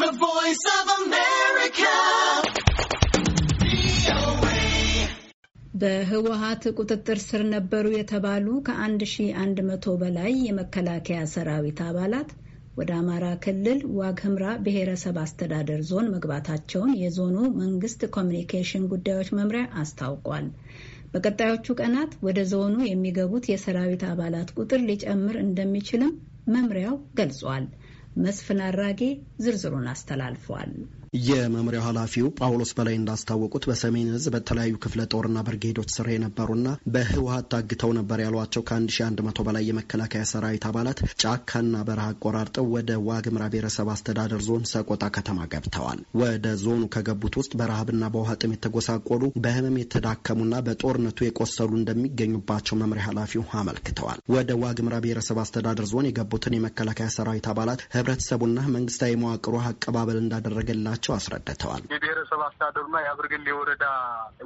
The Voice of America. በህወሀት ቁጥጥር ስር ነበሩ የተባሉ ከ1100 በላይ የመከላከያ ሰራዊት አባላት ወደ አማራ ክልል ዋግህምራ ብሔረሰብ አስተዳደር ዞን መግባታቸውን የዞኑ መንግስት ኮሚኒኬሽን ጉዳዮች መምሪያ አስታውቋል። በቀጣዮቹ ቀናት ወደ ዞኑ የሚገቡት የሰራዊት አባላት ቁጥር ሊጨምር እንደሚችልም መምሪያው ገልጿል። መስፍን አራጌ ዝርዝሩን አስተላልፏል። የመምሪያው ኃላፊው ጳውሎስ በላይ እንዳስታወቁት በሰሜን እዝ በተለያዩ ክፍለ ጦርና ብርጌዶች ስር የነበሩና በህወሀት ታግተው ነበር ያሏቸው ከ1100 በላይ የመከላከያ ሰራዊት አባላት ጫካና በረሃ አቆራርጠው ወደ ዋግምራ ብሔረሰብ አስተዳደር ዞን ሰቆጣ ከተማ ገብተዋል። ወደ ዞኑ ከገቡት ውስጥ በረሃብና በውሃ ጥም የተጎሳቆሉ በህመም የተዳከሙና በጦርነቱ የቆሰሉ እንደሚገኙባቸው መምሪያ ኃላፊው አመልክተዋል። ወደ ዋግምራ ብሔረሰብ አስተዳደር ዞን የገቡትን የመከላከያ ሰራዊት አባላት ህብረተሰቡና መንግስታዊ መዋቅሩ አቀባበል እንዳደረገላቸው መሆናቸው አስረድተዋል። የብሔረሰብ አስተዳደሩና የአብርግሌ ወረዳ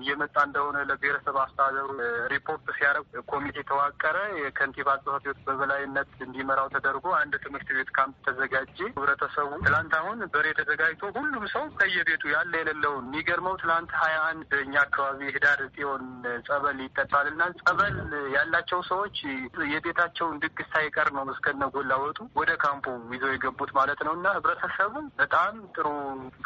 እየመጣ እንደሆነ ለብሔረሰብ አስተዳደሩ ሪፖርት ሲያደርግ ኮሚቴ ተዋቀረ። የከንቲባ ጽሕፈት ቤት በበላይነት እንዲመራው ተደርጎ አንድ ትምህርት ቤት ካምፕ ተዘጋጀ። ህብረተሰቡ ትላንት አሁን በሬ ተዘጋጅቶ ሁሉም ሰው ከየቤቱ ያለ የሌለውን የሚገርመው ትላንት ሀያ አንድ እኛ አካባቢ ህዳር ጽዮን ጸበል ይጠጣል እና ጸበል ያላቸው ሰዎች የቤታቸውን ድግስ ሳይቀር ነው እስከነ ጎላ ወጡ ወደ ካምፑ ይዘው የገቡት ማለት ነው እና ህብረተሰቡ በጣም ጥሩ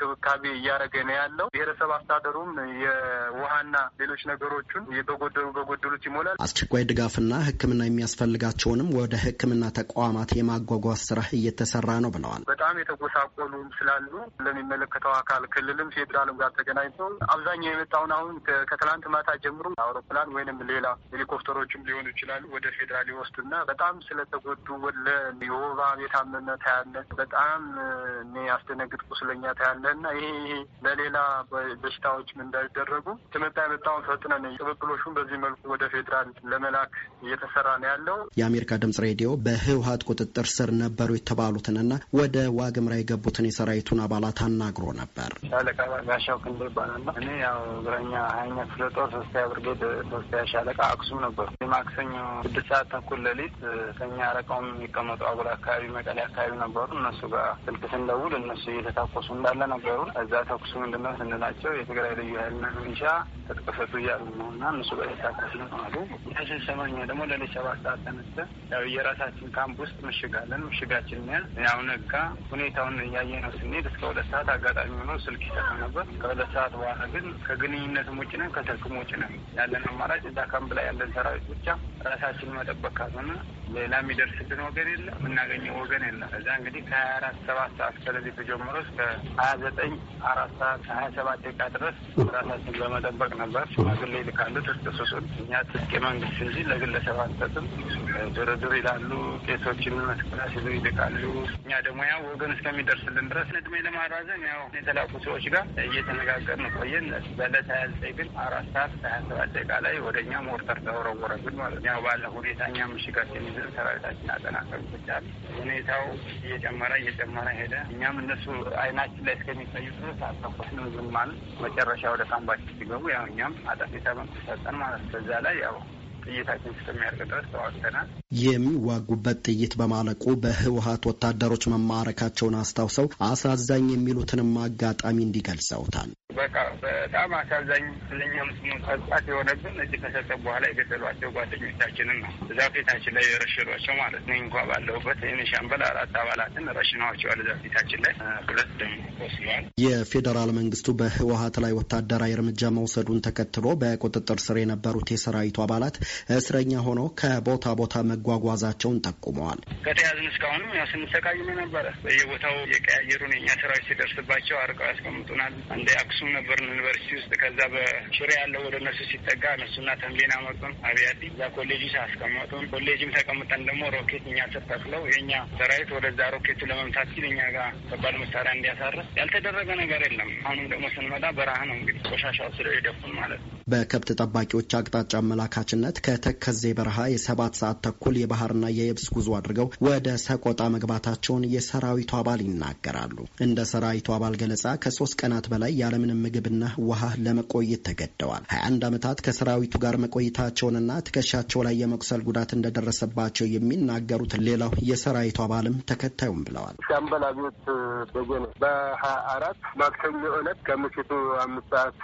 እንክብካቤ እያደረገ ነው ያለው። ብሔረሰብ አስተዳደሩም የውሃና ሌሎች ነገሮቹን በጎደሉ በጎደሉት ይሞላል። አስቸኳይ ድጋፍና ሕክምና የሚያስፈልጋቸውንም ወደ ሕክምና ተቋማት የማጓጓዝ ስራ እየተሰራ ነው ብለዋል። በጣም የተጎሳቆሉ ስላሉ ለሚመለከተው አካል ክልልም ፌዴራልም ጋር ተገናኝቶ አብዛኛው የመጣውን አሁን ከትላንት ማታ ጀምሮ አውሮፕላን ወይንም ሌላ ሄሊኮፕተሮችም ሊሆኑ ይችላሉ ወደ ፌዴራል ይወስዱና በጣም ስለተጎዱ ወለ የወባ የታመመ ታያለ። በጣም እኔ ያስደነግጥ ቁስለኛ ታያለ እና ይሄ ይሄ ለሌላ በሽታዎችም እንዳይደረጉ ትምህርት የመጣውን ፈጥነን ቅብብሎሹን በዚህ መልኩ ወደ ፌዴራል ለመላክ እየተሰራ ነው ያለው። የአሜሪካ ድምጽ ሬዲዮ በህወሀት ቁጥጥር ስር ነበሩ የተባሉትንና ወደ ዋግምራ የገቡትን የሰራዊቱን አባላት አናግሮ ነበር። ሻለቃ ጋሻው ክንድ ይባላል። እኔ ያው እግረኛ ሀያኛ ክፍለ ጦር ሶስተኛ ብርጌድ ሶስተኛ ሻለቃ አክሱም ነበሩ። ማክሰኞ ስድስት ሰዓት ተኩል ሌሊት ከኛ አረቃውም የሚቀመጡ አጉል አካባቢ መቀሌ አካባቢ ነበሩ። እነሱ ጋር ስልክ ስንደውል እነሱ እየተታኮሱ እንዳለ ነበሩ። እዛ ተኩሱ ምንድነው ስንላቸው የትግራይ ልዩ ኃይልና ሚሊሻ ትጥቅ ፍቱ እያሉ ነው እና እነሱ ጋር እየታኮሱ ነው አሉ። ሰማኛ ደግሞ ሌሊት ሰባት ሰዓት ተነስተ ያው የራሳችን ካምፕ ውስጥ ምሽጋለን ምሽጋችን ያው ነጋ ሁኔታውን እያየ ነው ስንሄድ እስከ ሁለት ሰዓት አጋጣሚ ሆኖ ስልክ ይሰራ ነበር። ከሁለት ሰዓት በኋላ ግን ከግንኙነትም ውጭ ነን፣ ከስልክም ውጭ ነን። ያለን አማራጭ እዛ ካምፕ ላይ ያለን ሰራዊት ብቻ ራሳችን መጠበቅ ካልሆነ ሌላ የሚደርስብን ወገን የለ፣ የምናገኘው ወገን የለ። እዛ እንግዲህ ከሀያ አራት ሰባት ሰዓት ከሌሊቱ ተጀምሮ እስከ ሀያ ዘጠኝ አራት ሰዓት ከሀያ ሰባት ደቂቃ ድረስ ራሳችን በመጠበቅ ነበር። ሽማግሌ ይልካሉ ትጥቅ ስጡን። እኛ ትጥቅ መንግስት እንጂ ለግለሰብ አንሰጥም፣ ድርድር ይላሉ። ቄሶችን መስቀላ ሲሉ ይልካሉ። እኛ ደግሞ ያው ወገን እስከሚደርስልን ድረስ እድሜ ለማራዘን ያው የተላኩ ሰዎች ጋር እየተነጋገርን ቆየን። በዕለት ሀያ ዘጠኝ ግን አራት ሰዓት ከሀያ ሰባት ደቂቃ ላይ ወደ እኛ ሞርተር ተወረወረብን ማለት ነው። ያው ባለ ሁኔታ እኛ ምሽጋት ይዘን ሰራዊታችን አጠናቀቅ ይቻል ሁኔታው እየጨመረ እየጨመረ ሄደ። እኛም እነሱ አይናችን ላይ እስከሚታዩ ድረስ አልተኮስንም ዝም ማለት መጨረሻ ወደ ካምባችን ሲገቡ ያው እኛም አጠፊታ መንኩስ ሰጠን ማለት ነው። በዛ ላይ ያው ጥይታችን እስከሚያርቅ ድረስ ተዋግተናል። የሚዋጉበት ጥይት በማለቁ በህወሀት ወታደሮች መማረካቸውን አስታውሰው አሳዛኝ የሚሉትንም አጋጣሚ እንዲገልጸውታል። በቃ በጣም አሳዛኝ ለኛም ሙስሊም ጸጥቃት የሆነብን እጅ ከሰጠ በኋላ የገደሏቸው ጓደኞቻችንን ነው። እዛ ፊታችን ላይ የረሸኗቸው ማለት ነው። እንኳ ባለሁበት ሻምበል አራት አባላትን ረሽነዋቸዋል። እዛ ፊታችን ላይ ሁለት ደሞ ወስደዋል። የፌዴራል መንግስቱ በህወሀት ላይ ወታደራዊ እርምጃ መውሰዱን ተከትሎ በቁጥጥር ስር የነበሩት የሰራዊቱ አባላት እስረኛ ሆኖ ከቦታ ቦታ መጓጓዛቸውን ጠቁመዋል። ከተያዝን እስካሁንም ያው ስንሰቃይ ነበረ። በየቦታው የቀያየሩን የኛ ሰራዊት ሲደርስባቸው አርቀው ያስቀምጡናል። እንደ አክሱም ነበር ዩኒቨርሲቲ ውስጥ። ከዛ በሽሬ ያለው ወደ እነሱ ሲጠጋ እነሱና ተንቤን አመጡን አብያዲ። እዛ ኮሌጅ አስቀመጡን። ኮሌጅም ተቀምጠን ደግሞ ሮኬት እኛ ስር ተክለው የእኛ ሰራዊት ወደዛ ሮኬቱ ለመምታት ሲል እኛ ጋር ከባድ መሳሪያ እንዲያሳርፍ ያልተደረገ ነገር የለም። አሁንም ደግሞ ስንመጣ በረሃ ነው እንግዲህ ቆሻሻው ስለደፉን ማለት ነው። በከብት ጠባቂዎች አቅጣጫ አመላካችነት ከተከዜ በረሃ የሰባት ሰዓት ተኩል የባህርና የየብስ ጉዞ አድርገው ወደ ሰቆጣ መግባታቸውን የሰራዊቱ አባል ይናገራሉ። እንደ ሰራዊቱ አባል ገለጻ ከሶስት ቀናት በላይ ያለምንም ምግብና ውሃ ለመቆየት ተገደዋል። 21 ዓመታት ከሰራዊቱ ጋር መቆየታቸውንና ትከሻቸው ላይ የመቁሰል ጉዳት እንደደረሰባቸው የሚናገሩት ሌላው የሰራዊቱ አባልም ተከታዩም ብለዋል። ሻምበል አብዮት በየነ በሀያ አራት ማክሰኞ ዕለት ከምሽቱ አምስት ሰዓት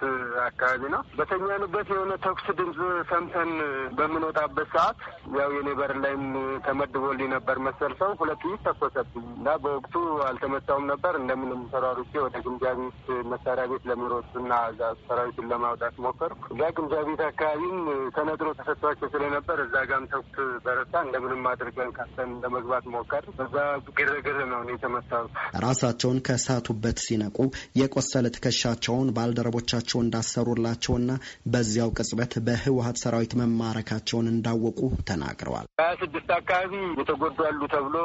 አካባቢ ነው በተኛንበት የሆነ ተኩስ ድምፅ ሰምተን በምንወጣበት ሰዓት ያው የኔ በር ላይም ተመድቦልኝ ነበር መሰል ሰው ሁለት ይህ ተኮሰብኝ እና በወቅቱ አልተመታውም ነበር እንደምንም ተሯሩቼ ወደ ግምጃ ቤት መሳሪያ ቤት ለምን ሮጥና እዛ ሰራዊትን ለማውጣት ሞከርኩ። እዛ ግምጃ ቤት አካባቢም ተነጥሮ ተሰጥቷቸው ስለነበር እዛ ጋም ተኩስ በረታ። እንደምንም አድርገን ከፍተን ለመግባት ሞከር። እዛ ግርግር ነው የተመታሩት። ራሳቸውን ከሳቱበት ሲነቁ የቆሰለ ትከሻቸውን ባልደረቦቻቸው እንዳሰሩላቸውና በዚያው ቅጽበት በህወሀት ሰራዊት መማረካቸውን እንዳወቁ ተናግረዋል። ሀያ ስድስት አካባቢ የተጎዱ አሉ ተብሎ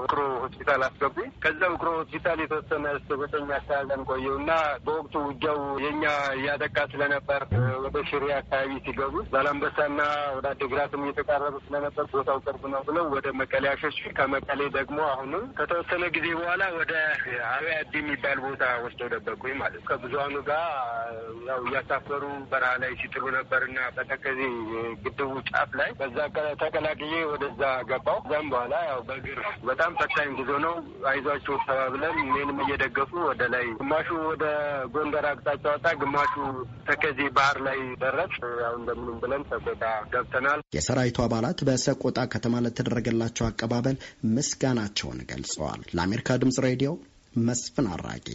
ውቅሮ ሆስፒታል አስገቡ። ከዛ ውቅሮ ሆስፒታል የተወሰነ ስበተኛ አካባቢ ቆየው ቆየውና በወቅቱ ውጊያ የእኛ እያጠቃ ስለነበር ወደ ሽሬ አካባቢ ሲገቡ ዛላምበሳና ወደ አዲግራትም እየተቃረቡ ስለነበር ቦታው ቅርብ ነው ብለው ወደ መቀሌ አሸሹ። ከመቀሌ ደግሞ አሁንም ከተወሰነ ጊዜ በኋላ ወደ አብያ አዲ የሚባል ቦታ ወስደው ደበቁኝ ማለት ከብዙሀኑ ጋር ያው እያሳፈሩ በረሃ ላይ ሲጥሉ ነበርና በተከዜ ግድቡ ጫፍ ላይ በዛ ተቀላቅዬ ወደዛ ገባው። እዛም በኋላ ያው በእግር በጣም ፈታኝ ጉዞ ነው። አይዟቸው ተባብለን እኔንም እየደገፉ ወደ ላይ ግማሹ ወደ ጎንደር አቅጣጫ ወጣ፣ ግማሹ ተከዜ ባህር ላይ ደረስ ያው እንደምንም ብለን ሰቆጣ ገብተናል። የሰራዊቱ አባላት በሰቆጣ ከተማ ለተደረገላቸው አቀባበል ምስጋናቸውን ገልጸዋል። ለአሜሪካ ድምጽ ሬዲዮ መስፍን አራጌ